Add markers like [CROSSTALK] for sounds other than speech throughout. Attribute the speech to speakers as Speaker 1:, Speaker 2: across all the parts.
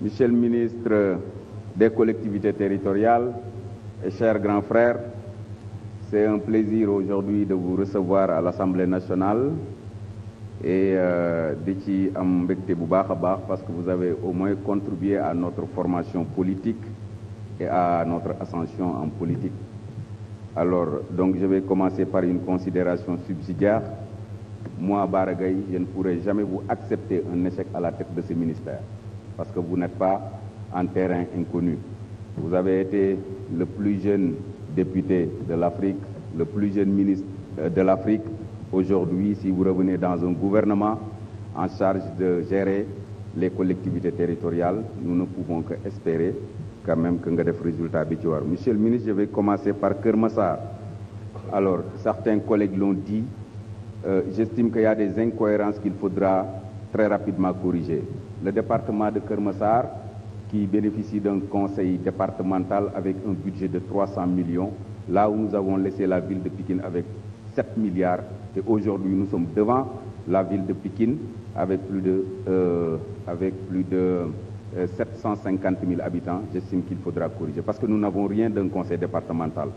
Speaker 1: Monsieur le ministre des collectivités territoriales et chers grands frères, c'est un plaisir aujourd'hui de vous recevoir à l'Assemblée nationale et euh, di ci am mbégte bu baax a baax parce que vous avez au moins contribué à notre formation politique et à notre ascension en politique. Alors, donc je vais commencer par une considération subsidiaire. Moi, Baragay, je ne pourrai jamais vous accepter un échec à la tête de ce ministère. parce que vous n'êtes pas en terrain inconnu. Vous avez été le plus jeune député de l'Afrique, le plus jeune ministre euh, de l'Afrique. Aujourd'hui, si vous revenez dans un gouvernement en charge de gérer les collectivités territoriales, nous ne pouvons que espérer quand même que nous des résultats habituels. Monsieur le ministre, je vais commencer par Kermassar. Alors, certains collègues l'ont dit, euh, j'estime qu'il y a des incohérences qu'il faudra très rapidement corrigé. Le département de Kermassar, qui bénéficie d'un conseil départemental avec un budget de 300 millions, là où nous avons laissé la ville de Pékin avec 7 milliards, et aujourd'hui nous sommes devant la ville de Pékin avec plus de, euh, avec plus de euh, 750 000 habitants, j'estime qu'il faudra corriger, parce que nous n'avons rien d'un conseil départemental.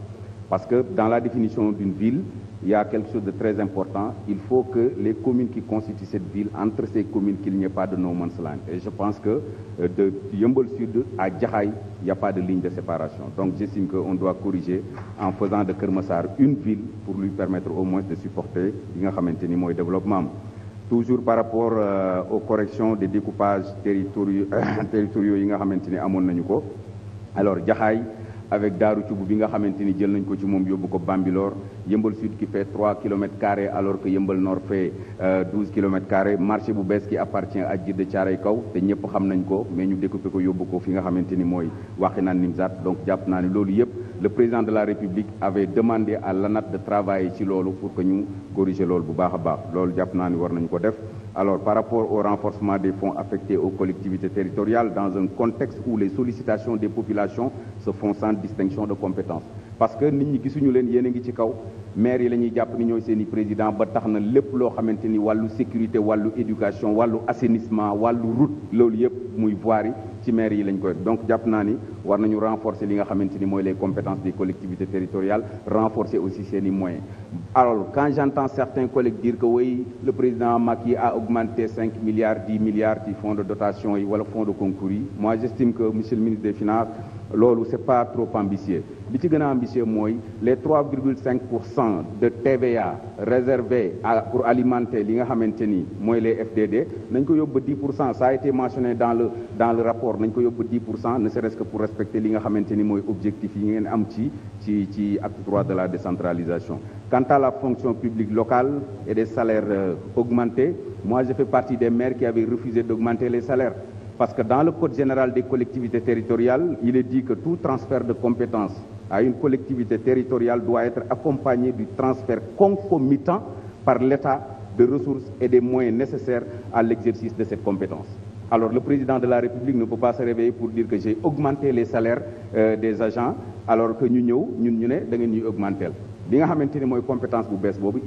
Speaker 1: Parce que dans la définition d'une ville, il y a quelque chose de très important. Il faut que les communes qui constituent cette ville, entre ces communes, qu'il n'y ait pas de no man's land. Et je pense que euh, de Yumbol Sud à Djahaï, il n'y a pas de ligne de séparation. Donc j'estime qu'on doit corriger en faisant de Kermassar une ville pour lui permettre au moins de supporter le développement. Toujours par rapport euh, aux corrections des découpages territoriaux, [COUGHS] territoriaux alors Djahaï, avec Daaru Cubb bi nga xamante ni jël nañ ko ci moom yóbbu ko Bambilor Yëmbal Sud qui fait 3 kilomètres carrés alors que Yëmbal Nord fait 12 euh, kilomètres carrés marché bu bees qui appartient à Jidda Caaray Kaw te ñëpp xam nañ ko mais ñu découpé ko yóbbu ko fi nga xamante ni mooy Waxinaan Nimzaat donc jàpp naa ne loolu yëpp le président de la République avait demandé à l'ANAT de travailler ci loolu pour que ñu corriger loolu bu baax baax loolu jàpp naa ni war nañu ko def alors par rapport au des fonds affectés aux collectivités territoriales dans un les sollicitations des populations ce font sans distinction de compétence parce que nit ñi gisuñu leen yéen ngi ci kaw maire yi la ñuy jàpp ni ñooy seen président ba tax na lépp loo xamante ni wàllu sécurité wàllu éducation wàllu assainissement wàllu route loolu yëpp muy voirie ci maire yi lañ koy donc jàpp naa ni war nañu renforcer li nga xamante ni mooy les compétences des collectivités territoriales renforcer aussi seeni i alors quand j'entends certains collègues dire que oui le président Macky a augmenté cinq milliards dix milliards ci fonds wala fonds de yi moi j'estime que monsieur le ministre loolu c'est pas trop ambitieux li ci gën a ambitieux mooy les 3,5 pour cent de TVA réservés à pour alimenter li nga xamante ni mooy les FDD nañ ko yóbbu 10 pour cent ça a été mentionné dans le dans le rapport nañ ko yóbbu 10 pour cent ne serait-ce que pour respecter li nga xamante ni mooy objectif yi ngeen am ci ci ci acte 3 de la décentralisation quant à la fonction publique locale et des salaires euh, augmentés moi je fais partie des maires qui avaient refusé d'augmenter les salaires Parce que dans le Code général des collectivités territoriales, il est dit que tout transfert de compétences à une collectivité territoriale doit être accompagné du transfert concomitant par l'État de ressources et des moyens nécessaires à l'exercice de cette compétence. Alors le président de la République ne peut pas se réveiller pour dire que j'ai augmenté les salaires euh, des agents alors que ñu ñëw ñun ñu ne da ngeen ñuy augmenter bi nga xamante ni mooy compétence bu bees boobu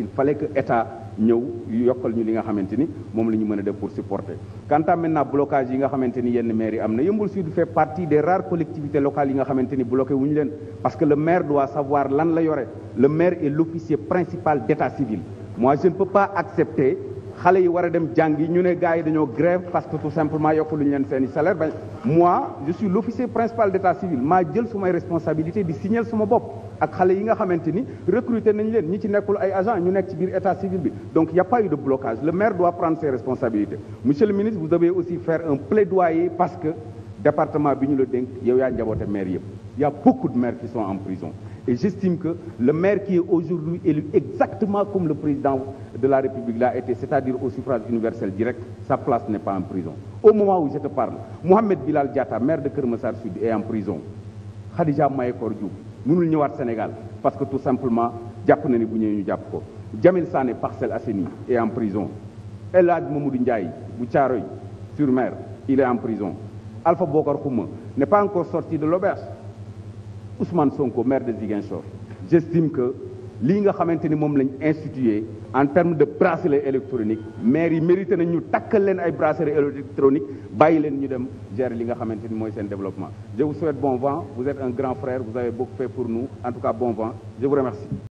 Speaker 1: ñëw yokkal ñu li nga xamante ni moom la ñu mën a def pour supporter quant à maintenant blocage yi nga xamante ni yenn maires yi am na Yeumbeul Sud fait partie des rares collectivités locales yi nga xamante ni bloqué wuñu leen parce que le maire doit savoir lan la yore le maire est l'officier principal d'état civil moi je ne peux pas accepter xale yi war a dem yi ñu ne gars yi dañoo grève parce que tout simplement yokk lu ñu leen seeni salaire ba moi je suis l'officier principal d'état civil maa jël sumay responsabilité di signer suma bopp ak xale yi nga xamante ni recruter nañ leen ñi ci nekkul ay agent ñu nekk ci biir état civil bi donc il y a pas eu de blocage le maire doit prendre ses responsabilités monsieur le ministre vous devez aussi faire un plaidoyer parce que département bi ñu la dénk yow yaa njaboote a beaucoup de maires qui sont en Et j'estime que le maire qui est aujourd'hui élu exactement comme le président de la République l'a été, c'est-à-dire au suffrage universel direct, sa place n'est pas en prison. Au moment où je te parle, Mohamed Bilal Diatta, maire de Kermassar Sud, est en prison. Khadija Mayekor Diouf, mënul ñëwaat Sénégal parce que tout simplement jàpp na ni bu ñëwee ñu jàpp ko. Jamil Sané Parcelles Assainies est en prison. El Hadj Mamadou Ndiaye bu Thiaroye sur mer, il est en prison. Alpha Bokar Khouma n'est pas sorti de l'auberge. Ousmane Sonko maire de Ziguinchor j'estime que lii nga xamante ni moom lañ institué en termes de bracelet électronique maire yi mérité nañ ñu takkal leen ay bracelet électronique bàyyi leen ñu dem gérer li nga xamante ni mooy seen développement je vous souhaite bon vent vous êtes un grand frère vous avez beaucoup fait pour nous en tout cas bon vent je vous remercie